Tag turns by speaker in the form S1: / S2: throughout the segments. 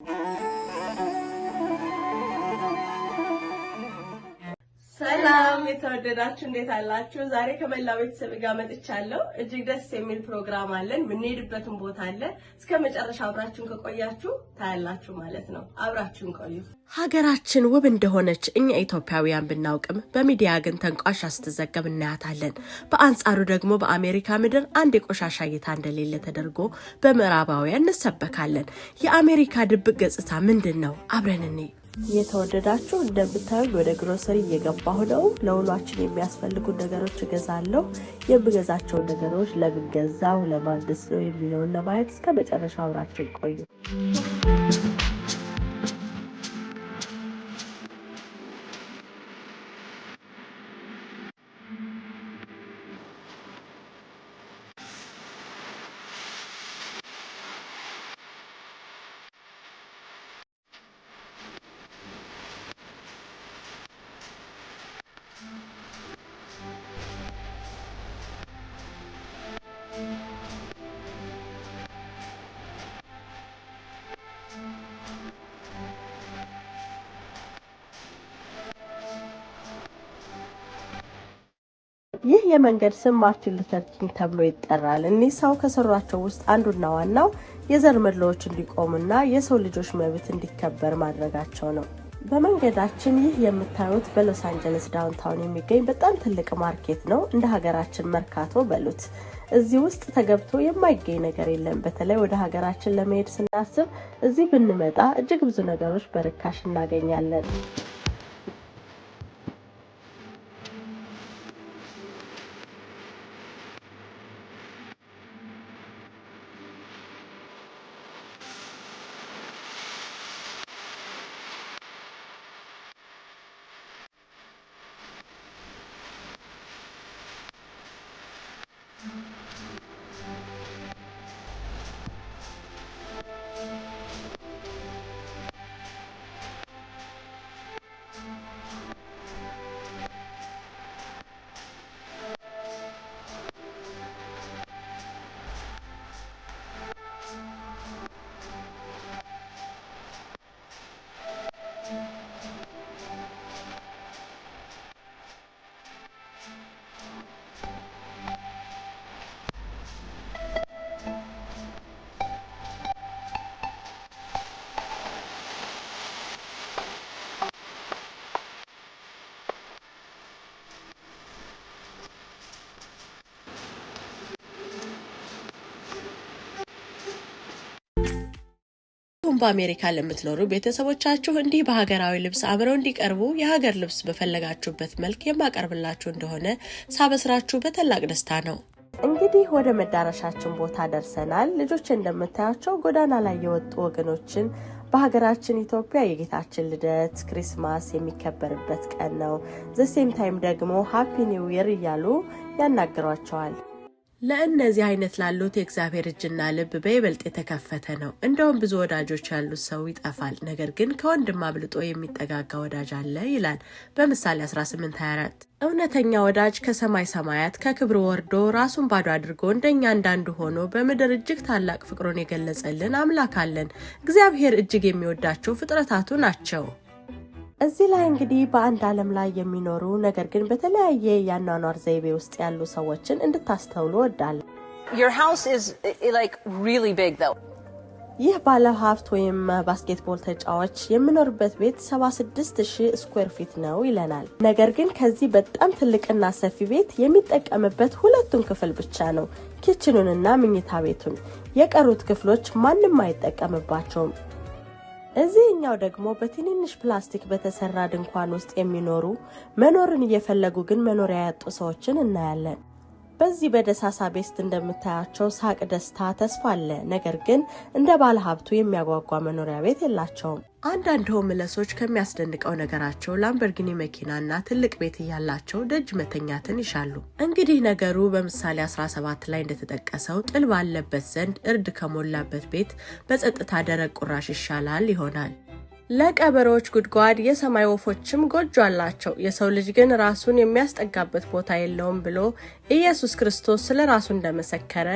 S1: Mm-hmm. የተወደዳችሁ እንዴት አላችሁ? ዛሬ ከመላ ቤተሰብ ጋር መጥቻለሁ። እጅግ ደስ የሚል ፕሮግራም አለን። የምንሄድበትን ቦታ አለ። እስከ መጨረሻ አብራችሁን ከቆያችሁ ታያላችሁ ማለት ነው። አብራችሁን ቆዩ።
S2: ሀገራችን ውብ እንደሆነች እኛ ኢትዮጵያውያን ብናውቅም በሚዲያ ግን ተንቋሽ አስተዘገብ እናያታለን። በአንጻሩ ደግሞ በአሜሪካ ምድር አንድ የቆሻሻ ጌታ እንደሌለ ተደርጎ በምዕራባውያን እንሰበካለን። የአሜሪካ ድብቅ ገጽታ ምንድን ነው? አብረን
S1: የተወደዳችሁ እንደምታዩኝ ወደ ግሮሰሪ እየገባሁ ነው። ለውሏችን የሚያስፈልጉ ነገሮች እገዛለሁ። የምገዛቸው ነገሮች ለምን ገዛው፣ ለማንስ ነው የሚለውን ለማየት እስከ መጨረሻ አብራችን ቆዩ። ይህ የመንገድ ስም ማርቲን ሉተር ኪንግ ተብሎ ይጠራል። እኒህ ሰው ከሰሯቸው ውስጥ አንዱና ዋናው የዘር መድሎዎች እንዲቆሙና የሰው ልጆች መብት እንዲከበር ማድረጋቸው ነው። በመንገዳችን ይህ የምታዩት በሎስ አንጀለስ ዳውንታውን የሚገኝ በጣም ትልቅ ማርኬት ነው። እንደ ሀገራችን መርካቶ በሉት። እዚህ ውስጥ ተገብቶ የማይገኝ ነገር የለም። በተለይ ወደ ሀገራችን ለመሄድ ስናስብ እዚህ ብንመጣ እጅግ ብዙ ነገሮች በርካሽ እናገኛለን።
S2: እንዲሁም በአሜሪካ ለምትኖሩ ቤተሰቦቻችሁ እንዲህ በሀገራዊ ልብስ አብረው እንዲቀርቡ የሀገር ልብስ በፈለጋችሁበት መልክ የማቀርብላችሁ እንደሆነ ሳበስራችሁ በታላቅ ደስታ ነው።
S1: እንግዲህ ወደ መዳረሻችን ቦታ ደርሰናል። ልጆች እንደምታያቸው ጎዳና ላይ የወጡ ወገኖችን በሀገራችን ኢትዮጵያ የጌታችን ልደት ክሪስማስ የሚከበርበት ቀን ነው። ዘሴም ታይም ደግሞ ሀፒ ኒው ይር እያሉ ያናግሯቸዋል።
S2: ለእነዚህ አይነት ላሉት የእግዚአብሔር እጅና ልብ በይበልጥ የተከፈተ ነው። እንደውም ብዙ ወዳጆች ያሉት ሰው ይጠፋል፣ ነገር ግን ከወንድም አብልጦ የሚጠጋጋ ወዳጅ አለ ይላል በምሳሌ 1824 እውነተኛ ወዳጅ ከሰማይ ሰማያት ከክብር ወርዶ ራሱን ባዶ አድርጎ እንደኛ እንዳንዱ ሆኖ በምድር እጅግ ታላቅ ፍቅሩን የገለጸልን አምላክ አለን። እግዚአብሔር እጅግ የሚወዳቸው ፍጥረታቱ ናቸው።
S1: እዚህ ላይ እንግዲህ በአንድ ዓለም ላይ የሚኖሩ ነገር ግን በተለያየ የአኗኗር ዘይቤ ውስጥ ያሉ ሰዎችን እንድታስተውሉ ወዳለ ይህ ባለ ሀብት ወይም ባስኬትቦል ተጫዋች የሚኖርበት ቤት 76000 ስኩዌር ፊት ነው ይለናል። ነገር ግን ከዚህ በጣም ትልቅና ሰፊ ቤት የሚጠቀምበት ሁለቱን ክፍል ብቻ ነው፣ ኪችኑንና ምኝታ ቤቱን። የቀሩት ክፍሎች ማንም አይጠቀምባቸውም። እዚህኛው ደግሞ በትንንሽ ፕላስቲክ በተሰራ ድንኳን ውስጥ የሚኖሩ መኖርን እየፈለጉ ግን መኖሪያ ያጡ ሰዎችን እናያለን። በዚህ በደሳሳ ቤስት እንደምታያቸው ሳቅ፣ ደስታ፣ ተስፋ አለ። ነገር ግን እንደ ባለ ሀብቱ የሚያጓጓ መኖሪያ ቤት የላቸውም።
S2: አንዳንድ ሆምለሶች ከሚያስደንቀው ነገራቸው ላምበርጊኒ መኪናና ትልቅ ቤት እያላቸው ደጅ መተኛትን ይሻሉ።
S1: እንግዲህ ነገሩ በምሳሌ 17 ላይ እንደተጠቀሰው ጥል ባለበት ዘንድ እርድ ከሞላበት ቤት በጸጥታ ደረቅ ቁራሽ ይሻላል ይሆናል።
S2: ለቀበሮዎች ጉድጓድ የሰማይ ወፎችም ጎጆ አላቸው፣ የሰው ልጅ ግን ራሱን የሚያስጠጋበት ቦታ የለውም ብሎ ኢየሱስ ክርስቶስ ስለ ራሱ እንደመሰከረ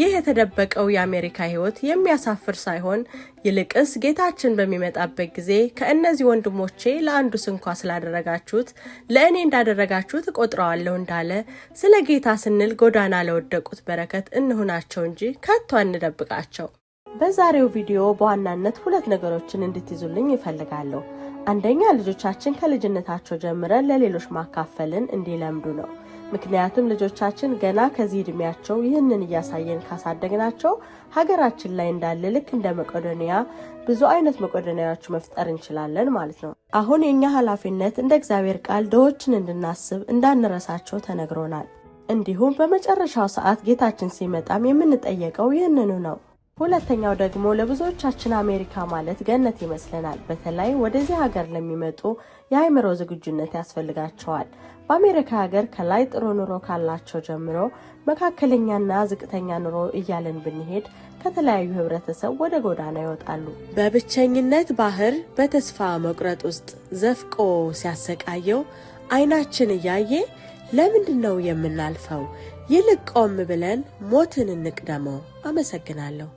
S2: ይህ የተደበቀው የአሜሪካ ሕይወት የሚያሳፍር ሳይሆን ይልቅስ ጌታችን በሚመጣበት ጊዜ ከእነዚህ ወንድሞቼ ለአንዱ ስንኳ ስላደረጋችሁት ለእኔ እንዳደረጋችሁት እቆጥረዋለሁ እንዳለ ስለ ጌታ ስንል ጎዳና ለወደቁት በረከት እንሁናቸው እንጂ ከቶ አንደብቃቸው።
S1: በዛሬው ቪዲዮ በዋናነት ሁለት ነገሮችን እንድትይዙልኝ ይፈልጋለሁ። አንደኛ ልጆቻችን ከልጅነታቸው ጀምረን ለሌሎች ማካፈልን እንዲለምዱ ነው። ምክንያቱም ልጆቻችን ገና ከዚህ እድሜያቸው ይህንን እያሳየን ካሳደግናቸው ሀገራችን ላይ እንዳለ ልክ እንደ መቄዶንያ ብዙ አይነት መቄዶንያዎች መፍጠር እንችላለን ማለት ነው። አሁን የእኛ ኃላፊነት እንደ እግዚአብሔር ቃል ድሆችን እንድናስብ እንዳንረሳቸው ተነግሮናል። እንዲሁም በመጨረሻው ሰዓት ጌታችን ሲመጣም የምንጠየቀው ይህንኑ ነው። ሁለተኛው ደግሞ ለብዙዎቻችን አሜሪካ ማለት ገነት ይመስለናል። በተለይ ወደዚህ ሀገር ለሚመጡ የአይምሮ ዝግጁነት ያስፈልጋቸዋል። በአሜሪካ ሀገር ከላይ ጥሩ ኑሮ ካላቸው ጀምሮ መካከለኛና ዝቅተኛ ኑሮ እያለን ብንሄድ ከተለያዩ ህብረተሰብ ወደ ጎዳና ይወጣሉ።
S2: በብቸኝነት ባህር በተስፋ መቁረጥ ውስጥ ዘፍቆ ሲያሰቃየው አይናችን እያየ ለምንድን ነው የምናልፈው? ይልቅ ቆም ብለን ሞትን እንቅደመው። አመሰግናለሁ።